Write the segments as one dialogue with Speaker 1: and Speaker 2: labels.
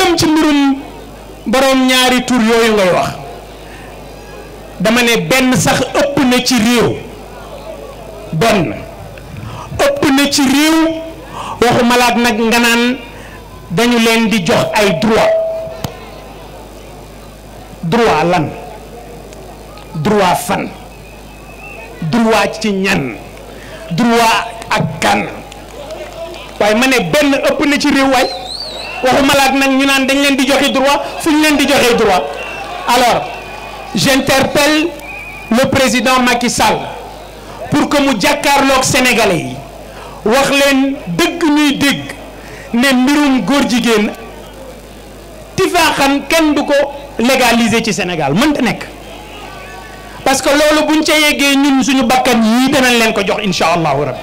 Speaker 1: jëm ci mbirum ñaari tur yooyu ngay wax dama ne benn sax ëpp na ci réew benn ëpp na ci réew waxu malaat nag nga naan dañu leen di jox ay droit droit lan droit fan droit ci ñan droit ak kan waaye ma ne benn ëpp na ci réew waay waxuma la ak nag ñu naan dañ leen di joxe droit fu ñu leen di joxe droit alors j'interpelle le président Macky Sall pour que mu jàkkaarloog sénégalais yi wax leen dëgg ñuy dégg ne mbirum góor jigéen tifaaxan kenn du ko légaliser ci Sénégal mënta nekk parce que loolu buñ ca yeggee ñun suñu bakkan yii danañ leen ko jox incha allahu rabbi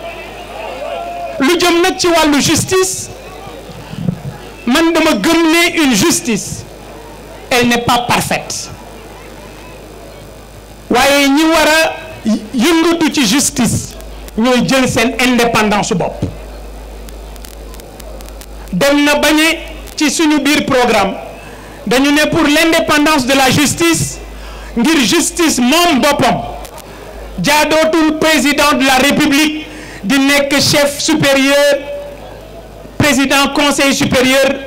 Speaker 1: lu jëm nag ci wàllu justice man dama gëm ne une justice elle n'est pas parfaite waaye ñi war yëngatu ci justice ñooy jël seen indépendance bopp dem na bañe ci suñu biir programme dañu ne pour l'indépendance de la justice ngir justice moom boppam jaadootul président de la république di nekk chef supérieur président conseil supérieur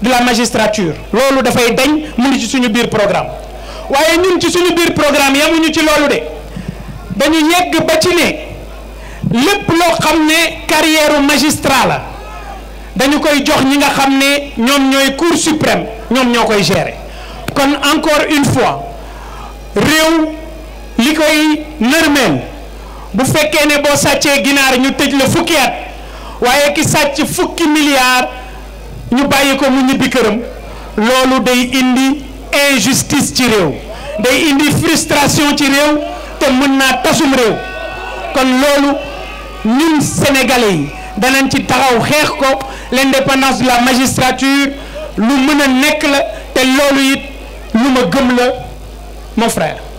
Speaker 1: de la magistrature loolu dafay dañ mu ci suñu biir programme waaye ñun ci suñu biir programme yamuñu ci loolu de dañu yegg ba ci ne lépp loo xam ne carrière magistrat la dañu koy jox ñi nga xam ne ñoom ñooy cour suprême ñoom ñoo koy gérer kon encore une fois réew li koy nërmeel bu fekkee ne boo sàccee ginaar ñu tëj la fukki at waaye ki sàcc fukki milliards ñu bàyyi ko mu ñibbi këram loolu day indi injustice ci réew day indi frustration ci réew te mën naa tasum réew kon loolu ñun sénégalais yi danañ ci taxaw xeex ko l'indépendance de la magistrature lu mën a nekk la te loolu it lu ma gëm la mon frère